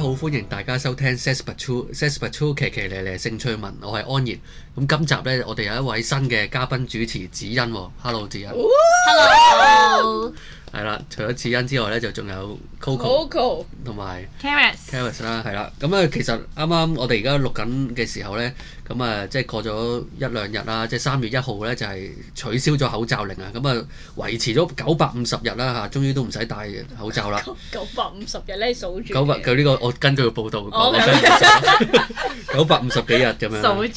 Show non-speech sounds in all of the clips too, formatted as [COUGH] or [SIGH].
大家好，歡迎大家收聽《Sex Patrol》，《Sex Patrol》奇奇咧咧性趣聞，我係安然。咁今集呢，我哋有一位新嘅嘉賓主持，子欣、哦、欣。 [LAUGHS] Hello，子欣。Hello。係啦，除咗子欣之外咧，就仲有 Coco 同埋 Caris Caris 啦，係啦。咁啊，其實啱啱我哋而家錄緊嘅時候咧，咁、嗯、啊，即係過咗一兩日啦，即係三月一號咧就係、是、取消咗口罩令啊，咁、嗯、啊維持咗九百五十日啦嚇、啊，終於都唔使戴口罩啦。九百五十日咧數住。九百佢呢個我根據個報道講。九百五十幾日咁樣。數住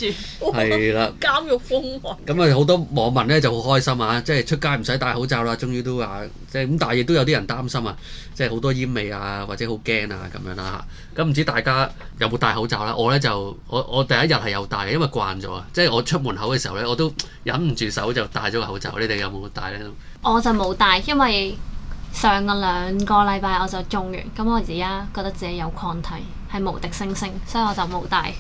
著係。了監獄風雲。咁啊好多網民咧就好開心啊，即係出街唔使戴口罩啦，終於都啊。即係。咁但亦都有啲人擔心啊，即係好多煙味啊，或者好驚啊咁樣啦、啊、吓。咁唔知大家有冇戴口罩啦、啊？我咧就我我第一日係有戴嘅，因為慣咗啊，即係我出門口嘅時候咧，我都忍唔住手就戴咗個口罩。你哋有冇戴咧？我就冇戴，因為上個兩個禮拜我就中完，咁我而家覺得自己有抗體，係無敵星星，所以我就冇戴，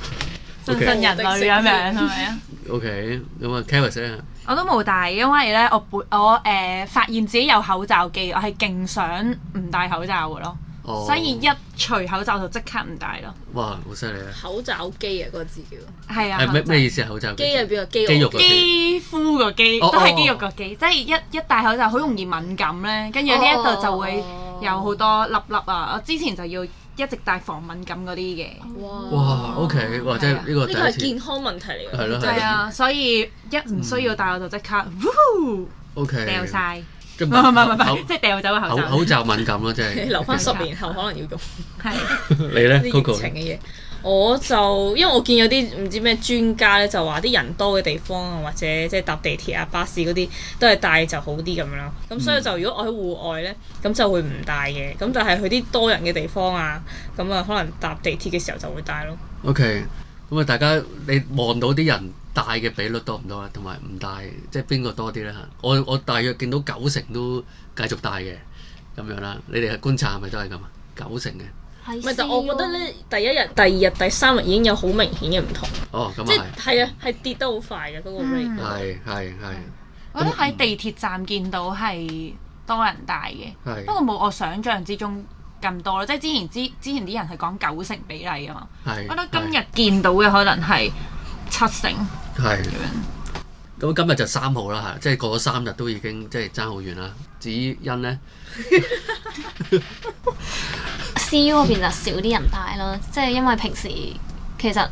順順 Okay, 人類咁樣係咪 [LAUGHS] ？OK，咁啊啊。我都冇戴，因為咧我本我誒、呃、發現自己有口罩肌，我係勁想唔戴口罩嘅咯，Oh. 所以一除口罩就即刻唔戴咯。哇，好犀利啊！口罩肌啊，嗰個字叫係啊，咩咩意思？口罩肌係邊個肌？肌肉、肌膚個肌都係肌肉個肌，Oh. 即係一一戴口罩好容易敏感咧，跟住呢一度就會有好多粒粒啊！Oh. 我之前就要。一直戴防敏感嗰啲嘅，哇，哇，O K，或者呢個呢個係健康問題嚟嘅，係咯，係啊，所以一唔需要戴我就即刻，O K，掉晒，唔係唔係唔係，即係掉走口罩，敏感咯，即係留翻十年後可能要用，係你咧，你疫情嘅嘢。我就因為我見有啲唔知咩專家咧，就話啲人多嘅地方啊，或者即係搭地鐵啊、巴士嗰啲都係戴就好啲咁樣啦。咁所以就如果我喺戶外呢，咁就會唔戴嘅。咁但係去啲多人嘅地方啊，咁啊可能搭地鐵嘅時候就會戴咯。OK. 咁啊，大家你望到啲人戴嘅比率多唔多啊？同埋唔戴即係邊個多啲呢？我我大約見到九成都繼續戴嘅咁樣啦。你哋嘅觀察係咪都係咁啊？九成嘅。唔係，但我覺得呢第一日、第二日、第三日已經有好明顯嘅唔同。哦，咁啊，即係係啊，係跌得好快嘅嗰、嗯、個 rate。係係係。我覺得喺地鐵站見到係多人戴嘅，是不過冇我想象之中咁多咯。即係之前之之前啲人係講九成比例啊嘛。是我覺得今日見到嘅可能係七成。係是。咁樣今日就三號啦，係即係過咗三日都已經即係爭好遠啦。至於因呢？ [LAUGHS] [LAUGHS] C U 嗰邊就少啲人戴咯，即係因為平時其實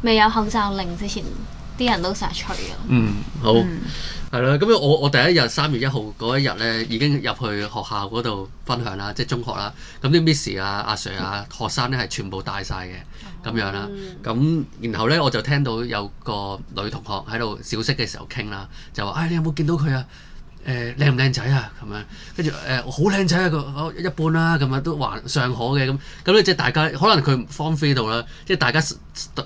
未有口罩令之前，啲人都成日除嘅。嗯，好，係啦、嗯。咁我我第一日三月一號嗰一日咧，已經入去學校嗰度分享啦，即係中學啦。咁啲 Miss 啊、阿 Sir 啊、學生咧、啊、係全部戴晒嘅咁樣啦。咁然後咧，我就聽到有個女同學喺度小息嘅時候傾啦，就話：唉、哎，你有冇見到佢啊？誒靚唔靚仔啊？咁樣，跟住誒好靚仔啊，佢一般啦，咁、啊、樣都還尚可嘅，咁，咁咧即係大家可能佢 form three 度啦，即係大家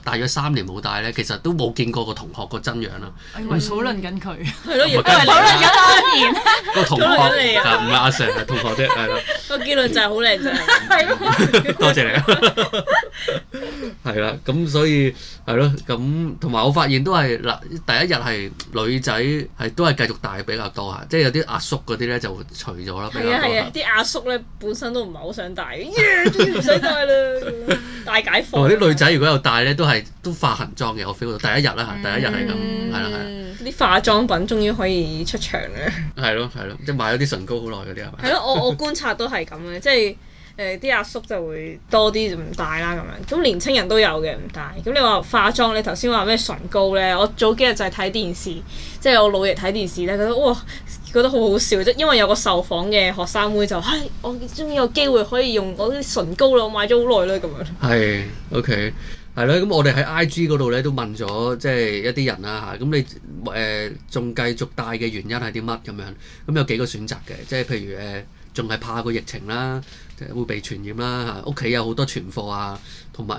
大約三年冇帶咧，其實都冇見過個同學個真樣啦。喂，討論緊佢係咯，而家、啊、討論咗多年啦。 [LAUGHS] 個同學啊，唔係阿 Sir，係同學啫。個結論就係好靚仔，係咯，多謝你。係 [LAUGHS] 啦， [LAUGHS] 咁所以。係咯，咁同埋我發現都係，嗱，第一日係女仔係都係繼續戴比較多嚇，即係有啲阿叔嗰啲咧就除咗啦，比較多。係啊，啲阿叔咧本身都唔係好想戴，耶，終於唔使戴啦，大解放。同埋啲女仔如果有戴咧，都係都化痕妝嘅，我 feel 到第一日啦嚇，第一日係咁，係啦係啦。啲化妝品終於可以出場啦。係咯係咯，即係買咗啲唇膏好耐嗰啲係咪？係咯，我我觀察都係咁嘅，即係。誒啲、呃、阿叔就會多啲唔戴啦，咁樣咁年輕人都有嘅唔戴。咁你話化妝，你頭先話咩唇膏呢？我早幾日就係睇電視，即係我老爺睇電視呢，覺得哇，覺得好好笑。即因為有個受訪嘅學生妹就唉、哎，我終於有機會可以用嗰啲唇膏啦，我買咗好耐啦，咁樣係、哎、OK 係咯。咁我哋喺 I G 嗰度呢都問咗即係一啲人啦嚇。咁、啊、你誒仲、呃、繼續戴嘅原因係啲乜咁樣？咁有幾個選擇嘅，即係譬如誒仲係怕個疫情啦。即會被傳染啦，嚇屋企有好多存貨啊，同埋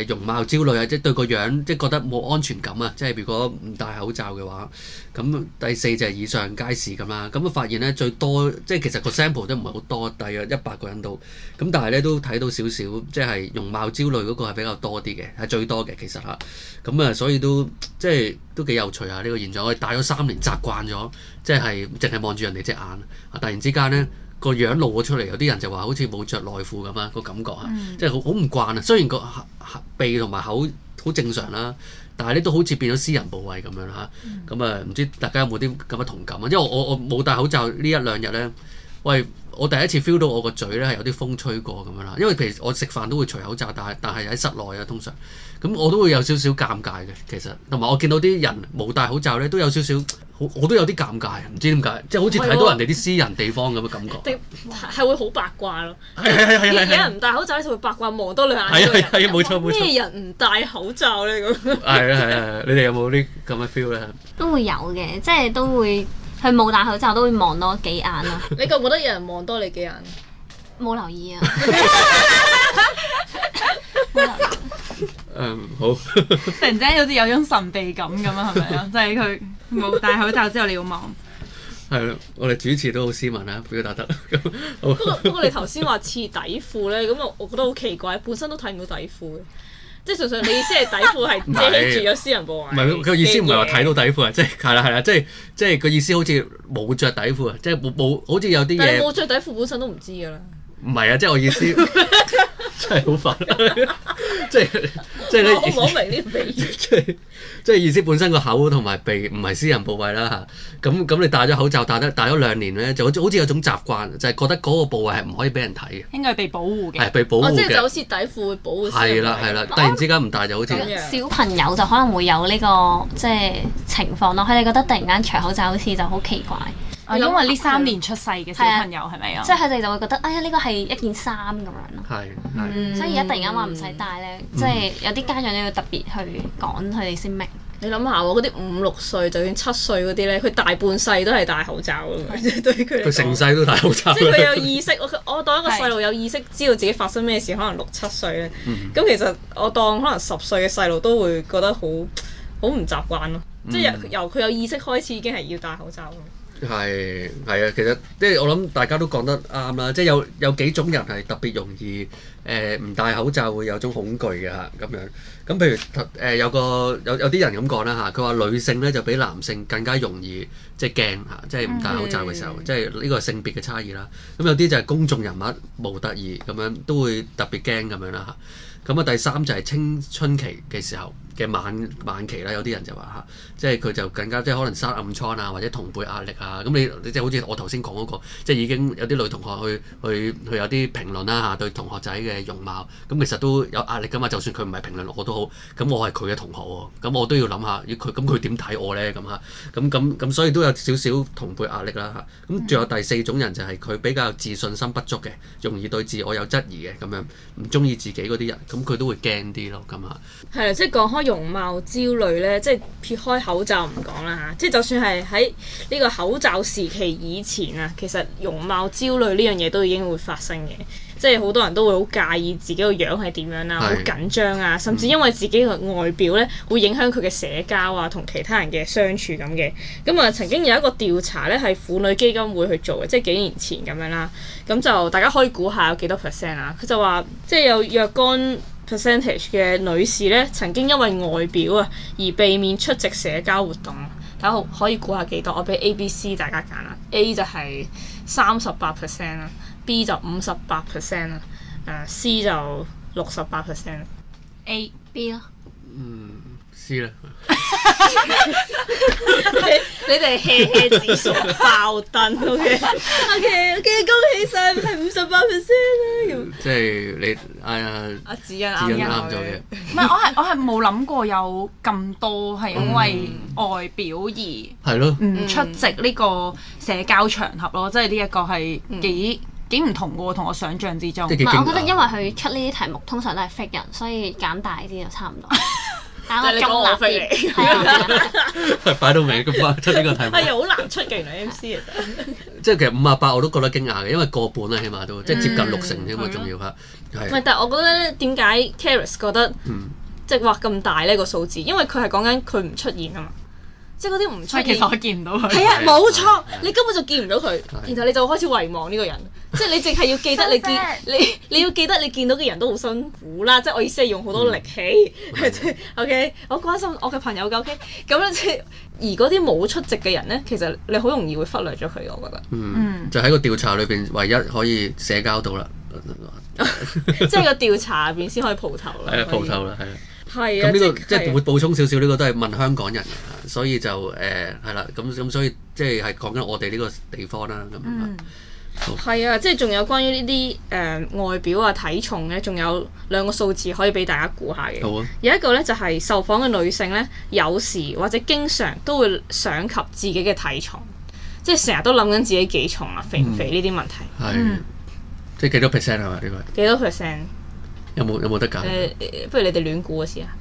誒誒容貌焦慮啊，即係對個樣即係覺得冇安全感啊，即係如果唔戴口罩嘅話，咁第四就係以上皆是咁啦、啊，咁啊發現咧最多，即係其實個 sample 都唔係好多，大約一百個人到，咁但係咧都睇到少少，即係容貌焦慮嗰個係比較多啲嘅，係最多嘅其實嚇，咁啊所以都即係都幾有趣啊呢、這個現象，我哋戴咗三年習慣咗，即係淨係望住人哋隻眼，突然之間咧。個樣露咗出嚟，有啲人就話好似冇着內褲咁啊，個感覺啊，mm. 即係好好唔慣啊。雖然個鼻同埋口好正常啦，但係咧都好似變咗私人部位咁樣嚇。咁、mm. 啊，唔知大家有冇啲咁嘅同感啊？因為我我冇戴口罩呢一兩日咧，喂，我第一次 feel 到我個嘴咧係有啲風吹過咁樣啦。因為譬如我食飯都會除口罩，但係但係喺室內啊，通常咁我都會有少少尷尬嘅。其實同埋我見到啲人冇戴口罩咧，都有少少。我都有啲尷尬，唔知點解，即係好似睇到人哋啲私人地方咁嘅感覺。定係會好八卦咯。係係係係係。人唔戴口罩，你就會八卦望多兩眼。係啊係啊，冇錯冇錯。咩人唔戴口罩咧？咁係啊係啊，你哋有冇啲咁嘅 feel 咧？都會有嘅，即係都會，佢冇戴口罩都會望多幾眼啊！你覺唔覺得有人望多你幾眼？冇留意啊。Um, 好。突然之間好似有種神秘感咁啊，係咪啊？即係佢冇戴口罩之後，你要望。係啦 em，我哋、si、主持都好斯文啊，表達得。不過不過，你頭先話似底褲咧，咁我我覺得好奇怪，本身都睇唔到底褲。即係純粹你意思係底褲係遮住咗私人部位。唔係佢意思，唔係話睇到底褲啊，即係係啦係啦，即係即係個意思，好似冇着底褲啊，即係冇好似有啲嘢。但係冇着底褲，本身都唔知㗎啦。唔係啊，即係我意思。真係好煩，即係 [LAUGHS] 即係咧。我唔明呢個比喻。即係即係意思本身個口同埋鼻唔係私人部位啦。咁、啊、咁你戴咗口罩戴得戴咗兩年咧，就好似有種習慣，就係、是、覺得嗰個部位係唔可以俾人睇嘅。應該係被保護嘅。係被保護、哦。即係就好似底褲會保護。係啦係啦，突然之間唔戴就好似、啊。小朋友就可能會有呢、這個即係、就是、情況咯。佢哋覺得突然間除口罩好似就好奇怪。因為呢三年出世嘅小朋友係咪啊？即係佢哋就會覺得，哎呀，呢個係一件衫咁樣咯。係。所以而家突然間話唔使戴咧，即係有啲家長要特別去講佢哋先明。你諗下喎，嗰啲五六歲，就算七歲嗰啲咧，佢大半世都係戴口罩咁樣。佢，佢成世都戴口罩。即係佢有意識，我我當一個細路有意識，知道自己發生咩事，可能六七歲咧。咁其實我當可能十歲嘅細路都會覺得好好唔習慣咯。即係由由佢有意識開始，已經係要戴口罩。係，係啊，其實即係我諗大家都講得啱啦，即係有有幾種人係特別容易誒，唔、呃、戴口罩會有種恐懼嘅嚇，咁樣。咁譬、嗯、如誒、呃、有個有有啲人咁講啦嚇，佢、啊、話女性咧就比男性更加容易即係驚嚇，即係唔、啊就是、戴口罩嘅時候，嗯、即係呢個性別嘅差異啦。咁、啊、有啲就係公眾人物無特意，咁樣都會特別驚咁樣啦嚇。咁啊第三就係青春期嘅時候嘅晚晚期啦，有啲人就話嚇、啊，即係佢就更加即係可能生暗瘡啊，或者同輩壓力啊。咁、嗯、你即係好似我頭先講嗰個，即係已經有啲女同學去去去，去有啲評論啦嚇，對同學仔嘅容貌，咁、啊、其實都有壓力㗎嘛。就算佢唔係評論，我都。不咁我係佢嘅同學喎，咁我都要諗下，佢咁佢點睇我呢？咁啊，咁咁咁，所以都有少少同輩壓力啦，吓。咁仲有第四種人就係佢比較自信心不足嘅，容易對自我有質疑嘅，咁樣唔中意自己嗰啲人，咁佢都會驚啲咯，咁啊。係啦，即係講開容貌焦慮呢，即係撇開口罩唔講啦吓，即係就算係喺呢個口罩時期以前啊，其實容貌焦慮呢樣嘢都已經會發生嘅。即係好多人都會好介意自己個樣係點樣啦，啊，好緊張啊，甚至因為自己個外表呢會影響佢嘅社交啊，同其他人嘅相處咁嘅。咁啊，曾經有一個調查呢，係婦女基金會去做嘅，即係幾年前咁樣啦。咁就大家可以估下有幾多 percent 啊？佢就話，即係有若干 percentage 嘅女士呢曾經因為外表啊而避免出席社交活動。大家可以估下幾多？我俾 A、B、C 大家揀啦。A 就係三十八 percent 啦。B 就五十八 percent 啦，誒 C 就六十八 percent 啦，A 啦、B 咯，嗯 C 啦。你哋 heahea 智商爆燈！OK OK，恭喜曬，係五十八 percent 啦，又即係你哎呀，阿子欣啱咗嘅。唔係，我係我係冇諗過有咁多係因為外表而唔出席呢個社交場合咯，即係呢一個係幾。幾唔同喎，同我想象之中。唔係，我覺得因為佢出呢啲題目通常都係 fit 人，所以揀大啲就差唔多。 [LAUGHS] 但我中立啲係擺到明咁啊，出呢個題目係好難出嘅原來 MC 啊， [LAUGHS] 即係其實五啊八我都覺得驚訝嘅，因為過半啦、啊，起碼都即係接近六成添，該重、嗯、要嚇。唔但係我覺得點解 Karis 覺得 S、嗯、 即係哇咁大呢、那個數字，因為佢係講緊佢唔出現啊嘛。即係嗰啲唔出現，其實我見唔到佢。係啊，冇錯，你根本就見唔到佢，然後你就開始遺忘呢個人。即係你淨係要記得你見你，你要記得你見到嘅人都好辛苦啦。即係我意思係用好多力氣，係 OK 我關心我嘅朋友嘅 OK。咁樣即而嗰啲冇出席嘅人咧，其實你好容易會忽略咗佢，我覺得。嗯，就喺個調查裏邊唯一可以社交到啦，即係個調查入邊先可以蒲頭啦。係啊，蒲頭啦，係啊。咁呢個即係會補充少少，呢個都係問香港人，所以就誒係啦。咁咁所以即係係講緊我哋呢個地方啦。咁啊，係啊，即係仲有關於呢啲誒外表啊體重咧，仲有兩個數字可以俾大家估下嘅。好啊。有一個咧就係受訪嘅女性咧，有時或者經常都會想及自己嘅體重，即係成日都諗緊自己幾重啊，肥唔肥呢啲問題。係。即係幾多 percent 係嘛？呢個幾多 percent？有冇有冇得㗎？不如你哋亂估下先啊！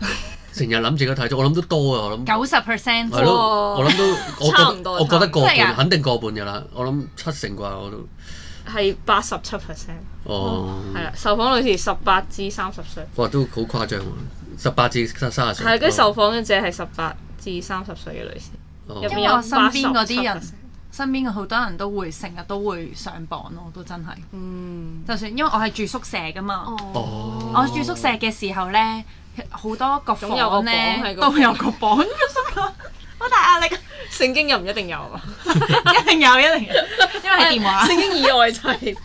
成日諗自己睇咗，我諗都多啊！我諗九十 percent。係咯，我諗都我覺得過半，肯定過半㗎啦，我諗七成啩，我都係八十七 percent。哦，係啊，受訪女士十八至三十歲。哇，都好誇張喎！十八至三十歲。係跟受訪嘅者係十八至三十歲嘅女士，入邊有身邊嗰啲人。身邊嘅好多人都會成日都會上榜咯，都真係。嗯，就算因為我係住宿舍噶嘛，我住宿舍嘅時候咧，好多各個房咧都有個榜，好大壓力。聖經又唔一定有，一定有一定，因為係電話聖經以外就係。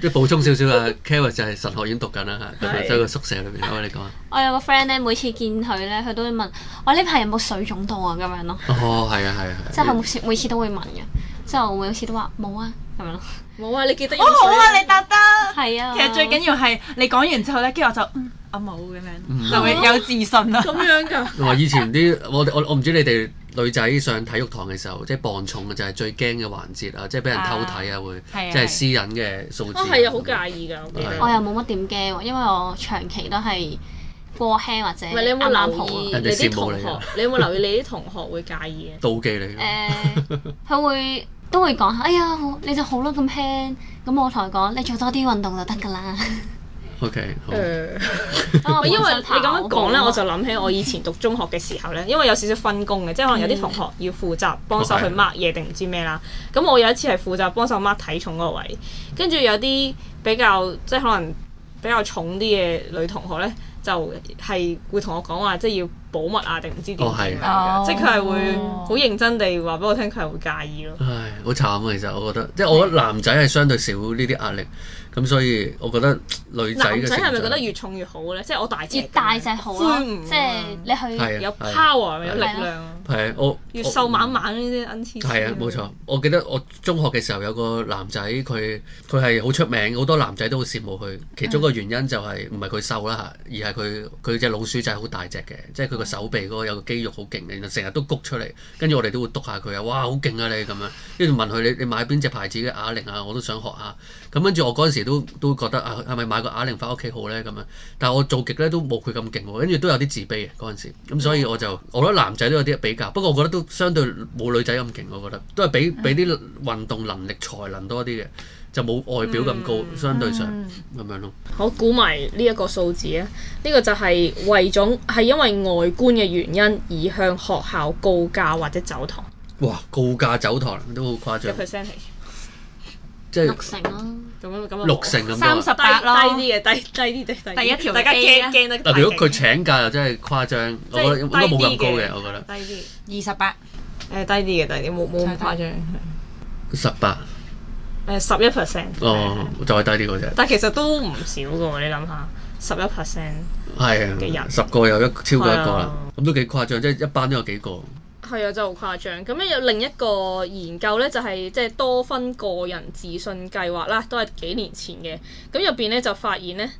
即係補充少少啊 Kavis 就係神學院讀緊啦，喺個宿舍裏邊，我哋講。我有個 friend 咧，每次見佢咧，佢都會問我呢排有冇水腫到啊咁樣咯。哦，係啊，係啊，即係每次每次都會問嘅。就每次都話冇啊，係咪咯？冇啊，你記得。哦，好啊，你答得。係啊。其實最緊要係你講完之後咧，跟住我就阿冇咁樣，係咪、嗯、有自信啊、哦？咁、哦、樣㗎。同埋以前啲我我我唔知你哋女仔上體育堂嘅時候，即係磅重嘅就係最驚嘅環節啊！即係俾人偷睇啊，會即係私隱嘅數字。啊係啊，好、啊哦啊、介意㗎。我，得、啊、我又冇乜點驚喎，因為我長期都係。過輕或者你有冇男，同你啲同學，你有冇留意？你啲同學會介意，妒忌你，佢會都會講：哎呀，你就好咯，咁輕咁。我同佢講，你做多啲運動就得噶啦。O K，因為你咁樣講呢， [LAUGHS] 我就諗起我以前讀中學嘅時候呢，因為有少少分工嘅，即係可能有啲同學要負責幫手去 mark 嘢，定唔 [LAUGHS] 知咩啦。咁我有一次係負責幫手 mark 體重個位，跟住有啲比較即係可能比較重啲嘅女同學呢，就係會同我講話，即係要。保密啊？定唔知點啊？哦哦、即係佢係會好認真地話俾我聽，佢係會介意咯。唉，好慘啊！其實我覺得，即係我覺得男仔係相對少呢啲壓力，咁所以我覺得女仔嘅仔係咪覺得越重越好咧？即係我大隻越大隻好啊！嗯、即係你去的有 power 的有力量。係的我越瘦猛猛呢啲 N 次。係啊我，冇、嗯嗯、錯。我記得我中學嘅時候有個男仔，佢佢係好出名，好多男仔都好羨慕佢。其中個原因就係唔係佢瘦啦吓，而係佢佢隻老鼠仔好大隻嘅，即係佢。手臂嗰，那個有個肌肉好勁嘅，然後成日都谷出嚟，跟住我哋都會督下佢啊，哇，好勁啊你咁樣，跟住問佢你你買邊隻牌子嘅啞鈴啊，我都想學下。咁跟住我嗰陣時都都覺得啊係咪買個啞鈴返屋企好咧咁樣，但係我做極咧都冇佢咁勁喎，跟住都有啲自卑嘅嗰陣時。咁所以我就我覺得男仔都有啲比較，不過我覺得都相對冇女仔咁勁。我覺得都係比比啲運動能力才能多啲嘅，就冇外表咁高，嗯、相對上咁、嗯、樣咯。我估埋呢一個數字啊！呢、這個就係為咗係因為外觀嘅原因而向學校告假或者走堂。哇！告假走堂都好誇張。即係六成咯，咁樣咁，三十八啦，低啲嘅，低低啲嘅，低。第一條，大家驚驚得，如果佢請假又真係誇張，我覺得應該冇咁高嘅。我覺得低啲，二十八，誒低啲嘅，低啲冇冇咁誇張。十八，誒十一 percent。哦，就係低啲啫。但其實都唔少嘅喎，你諗下十一 percent，係啊，十個有一超過一個啦，咁都幾誇張，即係一班都有幾個。係啊，真係好誇張。咁咧有另一個研究咧，就係即係多分個人自信計劃啦，都係幾年前嘅。咁入邊咧就發現咧。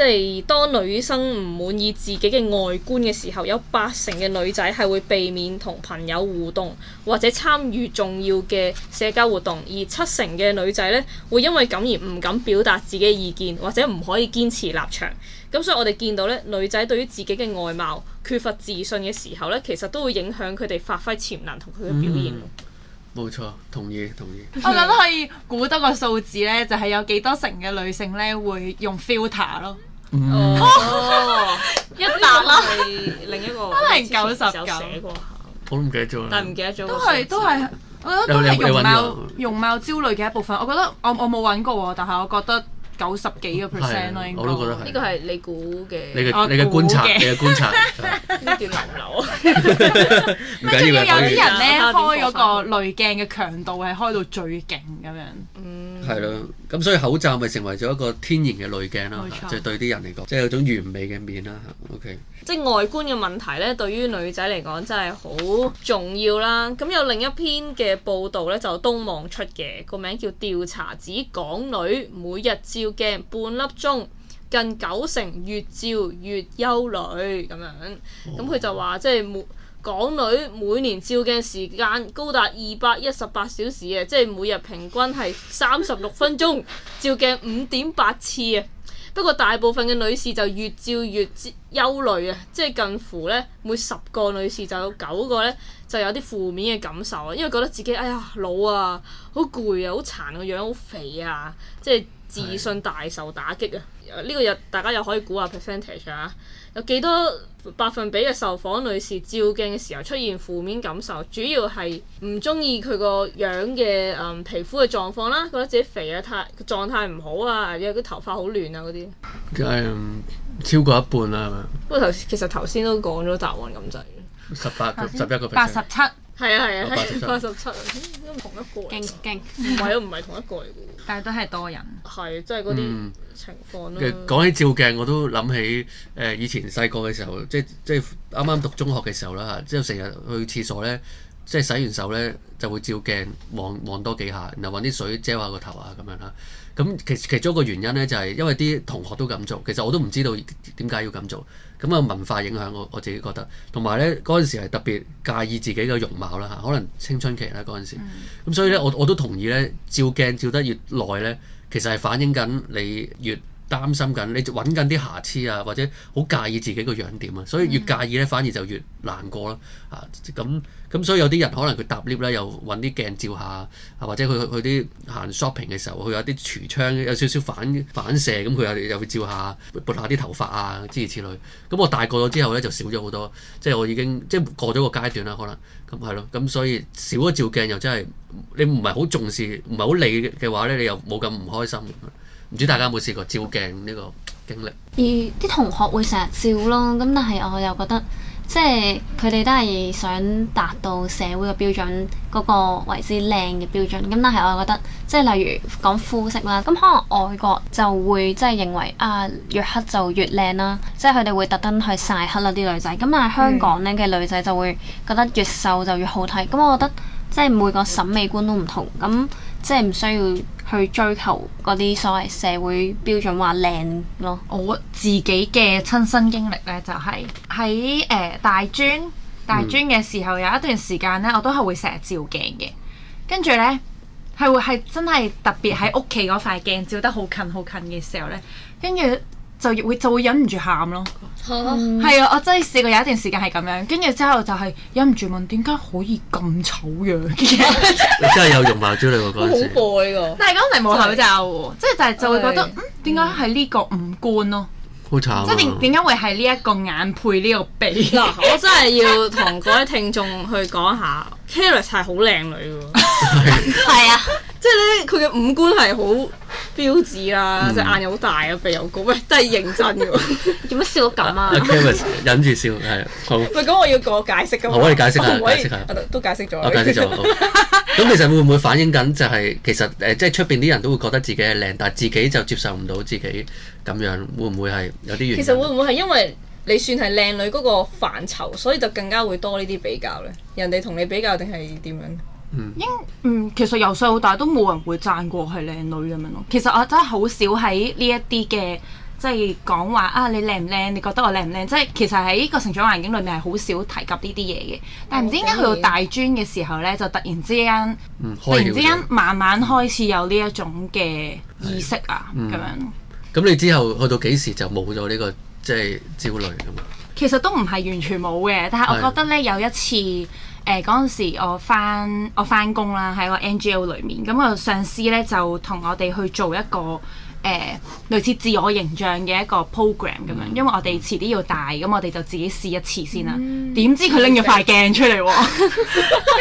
即係當女生唔滿意自己嘅外觀嘅時候，有八成嘅女仔係會避免同朋友互動，或者參與重要嘅社交活動。而七成嘅女仔呢，會因為咁而唔敢表達自己嘅意見，或者唔可以堅持立場。咁所以，我哋見到呢，女仔對於自己嘅外貌缺乏自信嘅時候呢，其實都會影響佢哋發揮潛能同佢嘅表現。嗯，冇錯，同意同意。Okay. 我諗可以估得個數字呢，就係有幾多成嘅女性呢會用 filter 咯。哦，一百啦，另一個三零九十九，寫過下，我都唔記得咗啦，但唔記得咗都係都係，我覺得都係容貌容貌焦慮嘅一部分。我覺得我我冇揾過喎，但係我覺得九十幾個 percent 咯，應該我都覺得。呢個係你估嘅，你嘅你嘅觀察，你嘅觀察，呢段流流，唔緊要，有啲人咧開咗個濾鏡嘅強度係開到最勁咁樣，嗯。係咯，咁所以口罩咪成為咗一個天然嘅濾鏡咯，即係對啲人嚟講，即係有種完美嘅面啦。OK，即係外觀嘅問題咧，對於女仔嚟講真係好重要啦。咁有另一篇嘅報道咧，就東網出嘅，個名叫調查指港女每日照鏡半粒鐘，近九成越照越憂慮咁樣。咁佢、哦、就話即係港女每年照鏡時間高達二百一十八小時啊，即係每日平均係三十六分鐘 [LAUGHS] 照鏡五點八次啊。不過大部分嘅女士就越照越憂慮啊，即係近乎呢每十個女士就有九個呢就有啲負面嘅感受啊，因為覺得自己哎呀老啊，好攰啊，好殘個、啊啊、樣，好肥啊，即係自信大受打擊啊。呢的、啊這個又大家又可以估下 percentage 啊，有幾多？百分比嘅受訪女士照鏡嘅時候出現負面感受，主要係唔中意佢個樣嘅嗯皮膚嘅狀況啦，覺得自己肥啊，太個狀態唔好啊，有佢頭髮好亂啊嗰啲。梗係、嗯、超過一半啦，係嘛？不過頭其實頭先都講咗答案咁滯。十八個十一個八十七。係啊係啊，八十八十七啊，都同一個人。鏡鏡唔係啊，唔係同一個嘅喎。但係都係多人。係，即係嗰啲情況啦、嗯。講起照鏡，我都諗起誒以前細個嘅時候，即即啱啱讀中學嘅時候啦嚇，即係成日去廁所咧，即、啊、係、就係、洗完手咧就會照鏡望望多幾下，然後揾啲水遮下個頭啊咁樣啦。咁其其中一個原因咧就係、係、因為啲同學都咁做，其實我都唔知道點解要咁做。咁啊文化影響我我自己覺得，同埋咧嗰陣時係特別介意自己嘅容貌啦嚇，可能青春期啦嗰陣時，咁、嗯、所以咧我我都同意咧，照鏡照得越耐咧，其實係反映緊你越擔心緊，你就揾緊啲瑕疵啊，或者好介意自己個樣點啊，所以越介意咧，反而就越難過啦。啊，咁咁，所以有啲人可能佢搭 lift 咧，又揾啲鏡照下，或者佢去啲行 shopping 嘅時候，佢有啲櫥窗有少少反反射，咁佢又又會照下撥下啲頭髮啊，諸如此類。咁我大個咗之後咧，就少咗好多，即係我已經即係過咗個階段啦，可能咁係咯。咁所以少咗照鏡，又真係你唔係好重視，唔係好理嘅話咧，你又冇咁唔開心。唔知大家有冇試過照鏡呢個經歷？而啲同學會成日照咯，咁但係我又覺得，即係佢哋都係想達到社會嘅標準嗰個為之靚嘅標準。咁但係我又覺得，即係例如講膚色啦，咁可能外國就會即係認為啊，越黑就越靚啦，即係佢哋會特登去曬黑啦啲女仔。咁但係香港呢嘅、嗯、女仔就會覺得越瘦就越好睇。咁我覺得即係每個審美觀都唔同，咁即係唔需要。去追求嗰啲所謂社會標準話靚咯。我自己嘅親身經歷呢，就係喺誒大專大專嘅時候，有一段時間呢，我都係會成日照鏡嘅。跟住呢，係會係真係特別喺屋企嗰塊鏡照得好近好近嘅時候呢，跟住。就會就會忍唔住喊咯，係啊！我真係試過有一段時間係咁樣，跟住之後就係忍唔住問點解可以咁醜樣？你真係有容貌焦慮喎，嗰陣好怪個。但係嗰陣冇口罩喎，即係但係就會覺得點解係呢個五官咯，好慘。即係點點解會係呢一個眼配呢個鼻？嗱，我真係要同各位聽眾去講下，Karis 係好靚女嘅，係啊。即係咧，佢嘅五官係好標致啦，嗯、隻眼又好大啊，鼻又高，喂，真係認真嘅，做乜, [LAUGHS] 笑到咁啊？Kevin Okay, [LAUGHS] 忍住笑，係好。喂，咁我要個解釋噶嘛？我哋解釋下，解釋都解釋咗。解釋咗。咁 [LAUGHS] 其實會唔會反映緊就係其實誒，即係出邊啲人都會覺得自己係靚，但係自己就接受唔到自己咁樣，會唔會係有啲原因其實會唔會係因為你算係靚女嗰個範疇，所以就更加會多呢啲比較咧？人哋同你比較定係點樣？應嗯，嗯，其實由細到大都冇人會讚過佢靚女咁樣咯。其實我真係好少喺呢一啲嘅，即係講話啊，你靚唔靚？你覺得我靚唔靚？即、就、係、是、其實喺呢個成長環境裏面係好少提及呢啲嘢嘅。但係唔知點解去到大專嘅時候咧，就突然之間，嗯、突然之間慢慢開始有呢一種嘅意識啊咁、嗯、樣。咁、嗯嗯、你之後去到幾時就冇咗呢個即係、就是、焦慮咁樣？其實都唔係完全冇嘅，但係我覺得咧的有一次。誒嗰陣時我，我翻我翻工啦，喺個 NGO 裏面，咁、那、我、個、上司咧就同我哋去做一個誒、呃、類似自我形象嘅一個 program 咁樣、嗯，因為我哋遲啲要帶，咁我哋就自己試一次先啦。點、嗯、知佢拎咗塊鏡出嚟喎、哦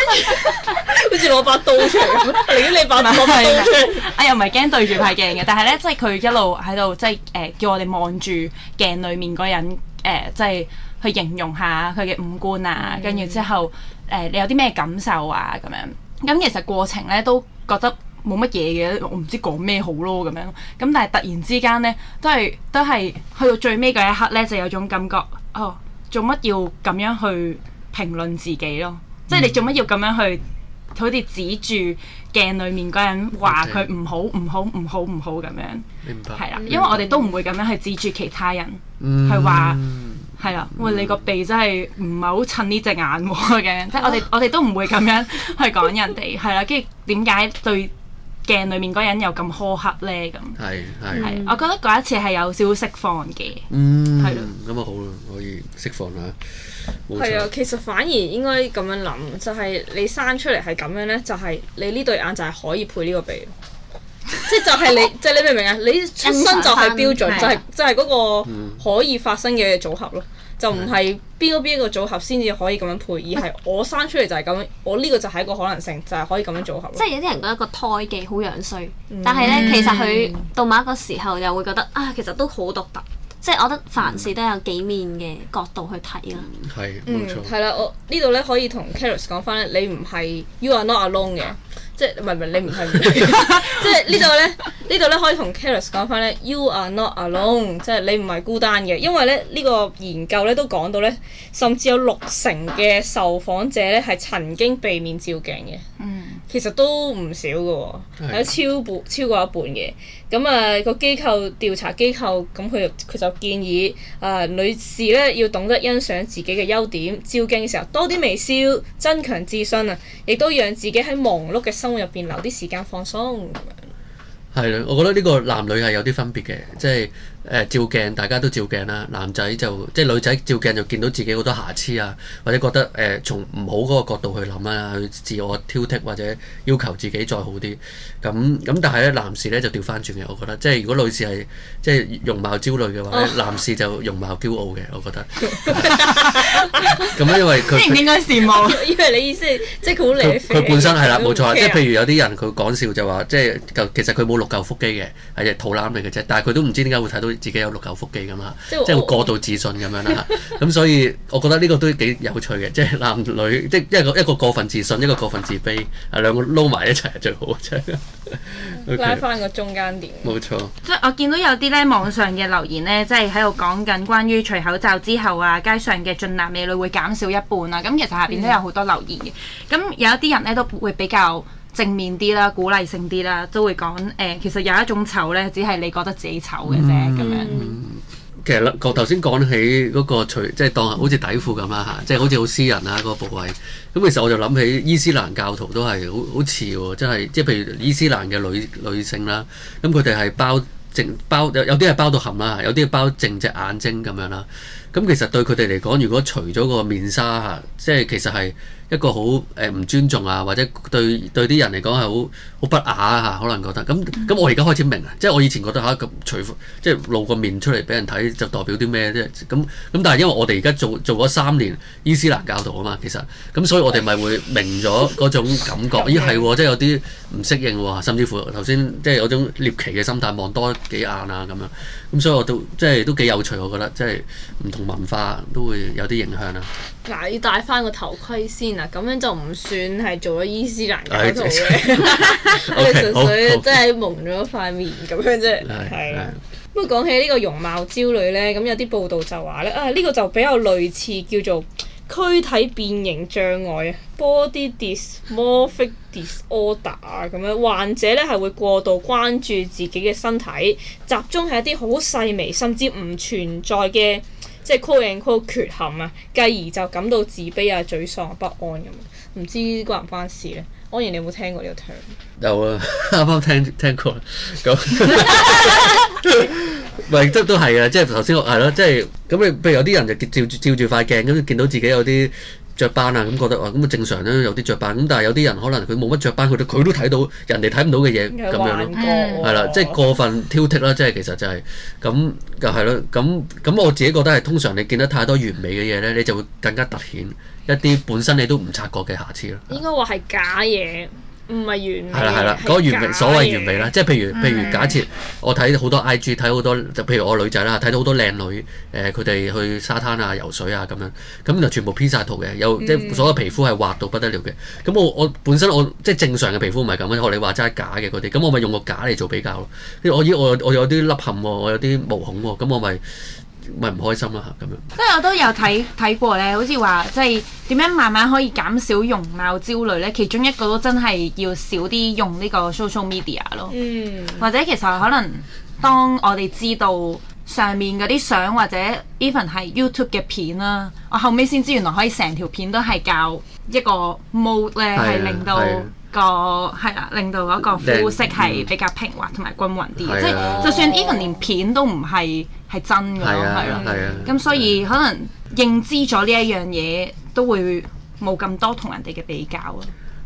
的，好似攞把刀出嚟咁，你把埋好把刀出嚟。 [LAUGHS] 嗯、 [LAUGHS] 我又唔係驚對住塊鏡嘅，但係咧即係佢一路喺度即係誒叫我哋望住鏡裏面嗰人，誒即係去形容下佢嘅五官啊，跟住之後。嗯嗯誒、呃，你有啲咩感受啊？咁樣，咁、嗯、其實過程咧都覺得冇乜嘢嘅，我唔知講咩好咯，咁樣。咁、嗯、但係突然之間咧，都係都係去到最尾嗰一刻咧，就有種感覺，哦，做乜要咁樣去評論自己咯？即係你做乜要咁樣去，嗯、好似指住鏡裏面嗰人話佢唔好、Okay. 唔好、唔好、唔好咁樣。明白。係啦，因為我哋都唔會咁樣去指住其他人、嗯、去話。係啦，哇！喂嗯、你個鼻真係唔係好襯呢隻眼嘅，啊、即係我哋我哋都唔會咁樣去講人哋，係啦。 [LAUGHS] 跟住點解對鏡裡面嗰人又咁苛刻咧？咁係係，我覺得嗰一次係有少少釋放嘅，嗯，係咯的。咁啊、嗯、好啦，可以釋放下。係啊，其實反而應該咁樣諗，就係、是、你生出嚟係咁樣咧，就係、是、你呢對眼就係可以配呢個鼻。即就係你，哦、即你明唔明啊？你出身就係標準，嗯、就係即係嗰個可以發生嘅組合咯，嗯、就唔係邊個邊一個組合先至可以咁樣配，嗯、而係我生出嚟就係咁樣，啊、我呢個就係一個可能性，就係、是、可以咁樣組合、啊。即有啲人覺得個胎記好樣衰，嗯、但係咧其實佢到某一個時候又會覺得啊，其實都好獨特。即係我覺得凡事都有幾面嘅角度去睇啦。係，嗯，冇錯、嗯。係啦，我呢度咧可以同 Caris 講翻咧，你唔係 You are not alone 嘅，即係唔係唔係你唔係， [LAUGHS] [LAUGHS] 即係呢度咧呢度咧可以同 Caris 講翻咧，You are not alone，即係你唔係孤單嘅，因為咧呢個研究咧都講到咧，甚至有六成嘅受訪者咧係曾經避免照鏡嘅。嗯。其實都唔少嘅喎，係超半超過一半嘅。咁啊，個機構調查機構咁佢佢就建議啊、呃，女士呢，要懂得欣賞自己嘅優點，照鏡嘅時候多啲微笑，增強自信啊，亦都讓自己喺忙碌嘅生活入邊留啲時間放鬆。係啦，我覺得呢個男女係有啲分別嘅，即係。誒、呃、照鏡，大家都照鏡啦、啊。男仔就即係女仔照鏡就見到自己好多瑕疵啊，或者覺得誒、呃、從唔好嗰個角度去諗啊，去自我挑剔或者要求自己再好啲。咁、嗯、咁、嗯、但係咧，男士咧就調翻轉嘅，我覺得。即係如果女士係即係容貌焦慮嘅話咧，哦、男士就容貌驕傲嘅，我覺得。咁、 [LAUGHS] 嗯、因為佢唔應該羨慕，因為你意思即係佢好靚。佢本身係 [LAUGHS] 啦，冇錯，即係譬如有啲人佢講笑就話，即、就、係、是、其實佢冇六嚿腹肌嘅，係隻肚腩嚟嘅啫。但係佢都唔知點解會睇到。自己有六九腹肌咁啦，即係會過度自信咁樣啦。咁、 [LAUGHS] 嗯、所以我覺得呢個都幾有趣嘅，即、就、係、是、男女即係一個一個過分自信，一個過分自卑，啊兩個撈埋一齊係最好嘅，真 okay，拉翻個中間點。冇錯。即係我見到有啲咧網上嘅留言咧，即係喺度講緊關於除口罩之後啊，街上嘅俊男美女會減少一半啊。咁其實下邊都有好多留言嘅。咁有一啲人咧都會比較。正面啲啦，鼓勵性啲啦，都會講誒、呃。其實有一種醜咧，只係你覺得自己醜嘅啫。咁、嗯、樣、嗯、其實啦、嗰個，頭先講起嗰個除即係當好似底褲咁啦嚇，即係、嗯、好似好私人啦嗰、嗰個部位。咁其實我就諗起伊斯蘭教徒都係好好似喎，真即係譬如伊斯蘭嘅女女性啦，咁佢哋係包淨包有啲係包到含啦，有啲係包淨隻眼睛咁樣啦。咁其實對佢哋嚟講，如果除咗個面紗，嚇，即係其實係一個好誒唔尊重啊，或者對對啲人嚟講係好好不雅嚇，可能覺得咁咁我而家開始明啊，即係我以前覺得嚇咁除即係露個面出嚟俾人睇就代表啲咩啫？咁咁但係因為我哋而家做做咗三年伊斯蘭教徒啊嘛，其實咁所以我哋咪會明咗嗰種感覺。咦係喎，即係有啲唔適應喎，甚至乎頭先即係有種獵奇嘅心態望多幾眼啊咁樣。咁所以我都即係都幾有趣，我覺得即係唔同。文化都會有啲影響啦。嗱，要戴翻個頭盔先啊，咁樣就唔算係做咗伊斯蘭教徒嘅。我哋純粹真係蒙咗塊面咁樣啫。係啊，不過講起呢個容貌焦慮呢，咁有啲報道就話呢，啊，呢、這個就比較類似叫做軀體變形障礙 （body dysmorphic disorder） 啊，咁樣患者呢係會過度關注自己嘅身體，集中喺一啲好細微甚至唔存在嘅。即係 call in call 缺陷啊，繼而就感到自卑啊、沮喪啊、不安咁，唔知關唔關事咧？安然，你有冇聽過呢個 term？有啊，啱啱聽聽過。咁咪即都係啊！即係頭先，係咯、啊，即係咁。你譬如有啲人就照住照住塊鏡，咁見到自己有啲雀斑啊咁覺得啊咁啊正常咧有啲雀斑咁，但係有啲人可能佢冇乜雀斑，佢都佢都睇到人哋睇唔到嘅嘢咁樣咯，係啦、嗯，即係過分挑剔啦，即係其實就係、是、咁就係、是、咯，咁咁我自己覺得係通常你見得太多完美嘅嘢咧，你就會更加突顯一啲本身你都唔察覺嘅瑕疵咯。應該話係假嘢。唔係完美，係啦係啦，嗰完所謂完美啦，即係譬如譬如假設我睇好多 I G 睇好多，就譬如我女仔啦，睇到好多靚女，誒佢哋去沙灘啊、游水啊咁樣，咁就全部編晒圖嘅，有、嗯、即係所有皮膚係滑到不得了嘅，咁我我本身我即係正常嘅皮膚唔係咁，你樣我你話齋係假嘅嗰啲，咁我咪用個假嚟做比較咯，我依我我有啲凹陷喎，我有啲、啊、毛孔喎、啊，咁我咪。咪唔開心啦咁樣。即係我都有睇睇過咧，好似話即係點樣慢慢可以減少容貌焦慮咧？其中一個都真係要少啲用呢個 social media 咯。嗯。Mm. 或者其實可能當我哋知道上面嗰啲相或者 even 係 YouTube 嘅片啦，我後尾先知原來可以成條片都係教一個 mode 咧，係、啊、令到、啊。個係啦、啊，令到個膚色係比較平滑同埋均勻啲， [MUSIC] 即係就算 even 連片都唔係係真嘅咯，係咯。咁所以可能認知咗呢一樣嘢，都會冇咁多同人哋嘅比較啊。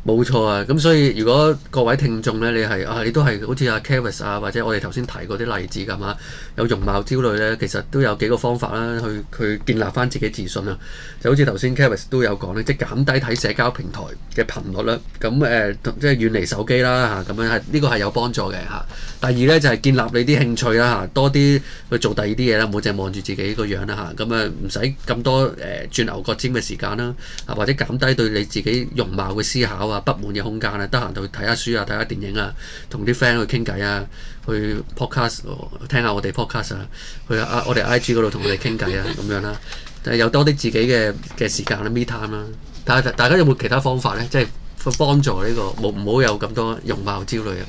冇錯啊！咁所以如果各位聽眾呢，你係啊，你都係好似阿 Kavis 啊，或者我哋頭先提嗰啲例子咁啊，有容貌焦慮呢，其實都有幾個方法啦，去去建立翻自己自信啊！就好似頭先 Kavis 都有講呢，即係減低睇社交平台嘅頻率啦。咁誒、呃，即係遠離手機啦嚇，咁、啊、樣係呢個係有幫助嘅嚇、啊。第二呢，就係、是、建立你啲興趣啦嚇、啊，多啲去做第二啲嘢啦，唔好凈係望住自己個樣啦嚇。咁啊，唔使咁多誒、呃、轉牛角尖嘅時間啦、啊，或者減低對你自己容貌嘅思考。啊，不滿嘅空間咧，得閒就睇下書啊，睇下電影啊，同啲 friend 去傾偈啊，去 podcast 聽下我哋 podcast 啊，去啊我哋 IG 嗰度同佢哋傾偈啊，咁樣啦，誒有多啲自己嘅嘅時間啦，me time 啦。但係 [LAUGHS] 大家有冇其他方法咧？即係幫助呢、呢個冇唔好有咁多容貌焦慮啊？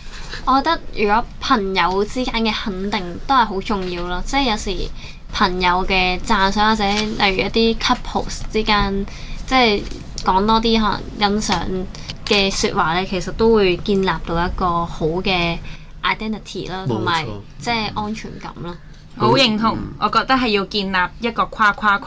我覺得如果朋友之間嘅肯定都係好重要咯，即係有時朋友嘅讚賞或者例如一啲 couples 之間即係。講多啲可能欣賞嘅説話咧，其實都會建立到一個好嘅 identity 啦錯，同埋即係安全感咯。好、嗯、認同，嗯、我覺得係要建立一個誇夸群。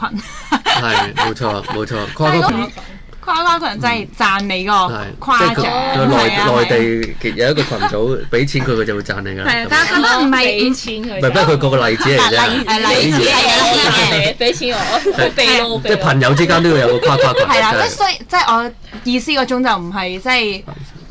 係， [LAUGHS] 冇錯冇錯，錯 [LAUGHS] 誇 [LAUGHS] 誇誇個人真係讚你個誇獎，內內地有一個群組俾錢佢，佢就會讚你㗎。但係都唔係俾錢佢，唔係，不過佢個個例子嚟啫，係俾錢嚟嘅，俾錢我，即係朋友之間都要有個誇夸群。係啦，即係所以，即係我意思個種就唔係即係。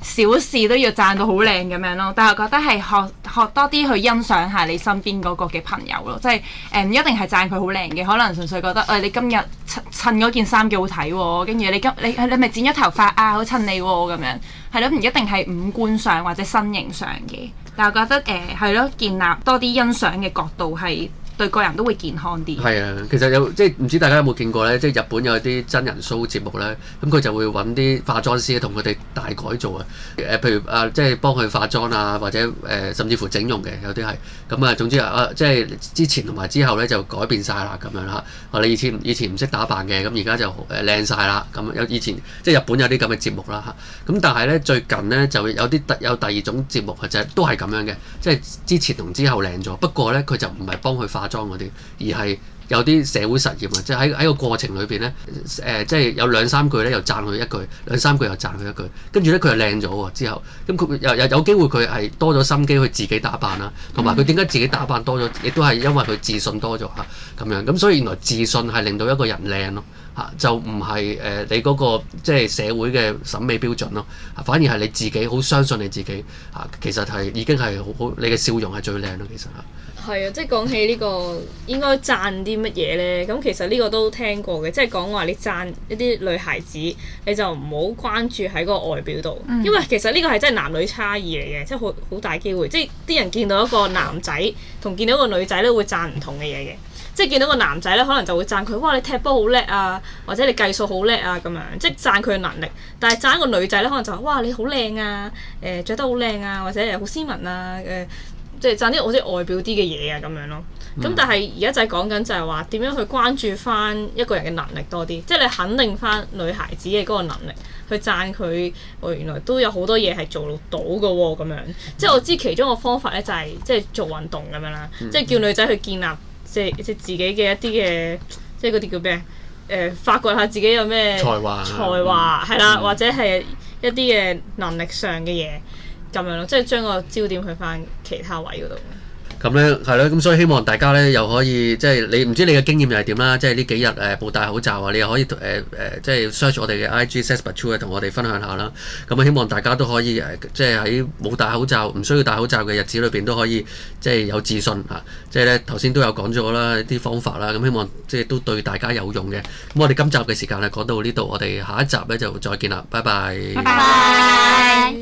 小事都要讚到好靚咁樣咯，但我覺得係學學多啲去欣賞下你身邊嗰個嘅朋友咯，即係誒唔一定係讚佢好靚嘅，可能純粹覺得誒、哎、你今日襯襯嗰件衫幾好睇喎，哦，跟住你今你你咪剪咗頭髮啊好襯你喎，哦、咁樣，係咯唔一定係五官上或者身形上嘅，但我覺得誒係咯，建立多啲欣賞嘅角度係。對個人都會健康啲。係啊，其實有即係唔知大家有冇見過呢？即係日本有啲真人 show 節目呢，咁、嗯、佢就會揾啲化妝師同佢哋大改造啊、呃。譬如啊，即係幫佢化妝啊，或者、呃、甚至乎整容嘅，有啲係。咁、嗯、啊，總之啊，即係之前同埋之後呢，就改變晒啦，咁樣嚇。我、啊、哋以前以前唔識打扮嘅，咁而家就誒靚晒啦。咁有以前即係日本有啲咁嘅節目啦。咁、啊、但係呢，最近呢，就有啲有第二種節目，就係都係咁樣嘅，即係之前同之後靚咗。不過呢，佢就唔係幫佢化。裝啲，而係有啲社會實驗啊，即係喺喺個過程裏邊呢，誒、呃，即係有兩三句咧又讚佢一句，兩三句又讚佢一句，跟住呢，佢又靚咗喎。之後咁佢又有機會佢係多咗心機去自己打扮啦，同埋佢點解自己打扮多咗，亦都係因為佢自信多咗吓咁樣。咁所以原來自信係令到一個人靚咯吓，就唔係誒你嗰、嗰個即係社會嘅審美標準咯、啊，反而係你自己好相信你自己吓、啊，其實係已經係好好你嘅笑容係最靚咯，其實吓。啊係啊，即係講起呢、呢個應該讚啲乜嘢呢？咁其實呢個都聽過嘅，即係講話你讚一啲女孩子，你就唔好關注喺嗰個外表度，嗯、因為其實呢個係真係男女差異嚟嘅，即係好好大機會，即係啲人見到一個男仔同見到個女仔咧會讚唔同嘅嘢嘅，即係見到個男仔咧可能就會讚佢，哇，你踢波好叻啊，或者你計數好叻啊咁樣，即係讚佢嘅能力。但係讚一個女仔咧，可能就哇，你好靚啊，誒、呃、著得好靚啊，或者又好斯文啊，誒、呃。.即係贊啲我啲外表啲嘅嘢啊咁樣咯，咁、嗯、但係而家就係講緊就係話點樣去關注翻一個人嘅能力多啲，即、就、係、是、你肯定翻女孩子嘅嗰個能力，去贊佢，我原來都有好多嘢係做到嘅喎咁樣。即、就、係、是、我知其中個方法咧就係即係做運動咁樣啦，即係、嗯嗯、叫女仔去建立即即自己嘅一啲嘅即係嗰啲叫咩誒、呃，發掘下自己有咩才華，才華係啦，或者係一啲嘅能力上嘅嘢。咁樣咯，即係將個焦點去返其他位嗰度。咁咧係咯，咁所以希望大家咧又可以即係你唔知你嘅經驗又係點啦。即係呢幾日誒冇戴口罩啊，你又可以誒誒、呃、即係 search 我哋嘅 I G s e s p e c t 啊，同我哋分享下啦。咁希望大家都可以即係喺冇戴口罩、唔需要戴口罩嘅日子裏邊都可以即係有自信嚇、啊。即係咧頭先都有講咗啦，啲方法啦，咁、啊、希望即係都對大家有用嘅。咁我哋今集嘅時間咧講到呢度，我哋下一集咧就再見啦，拜拜。拜拜。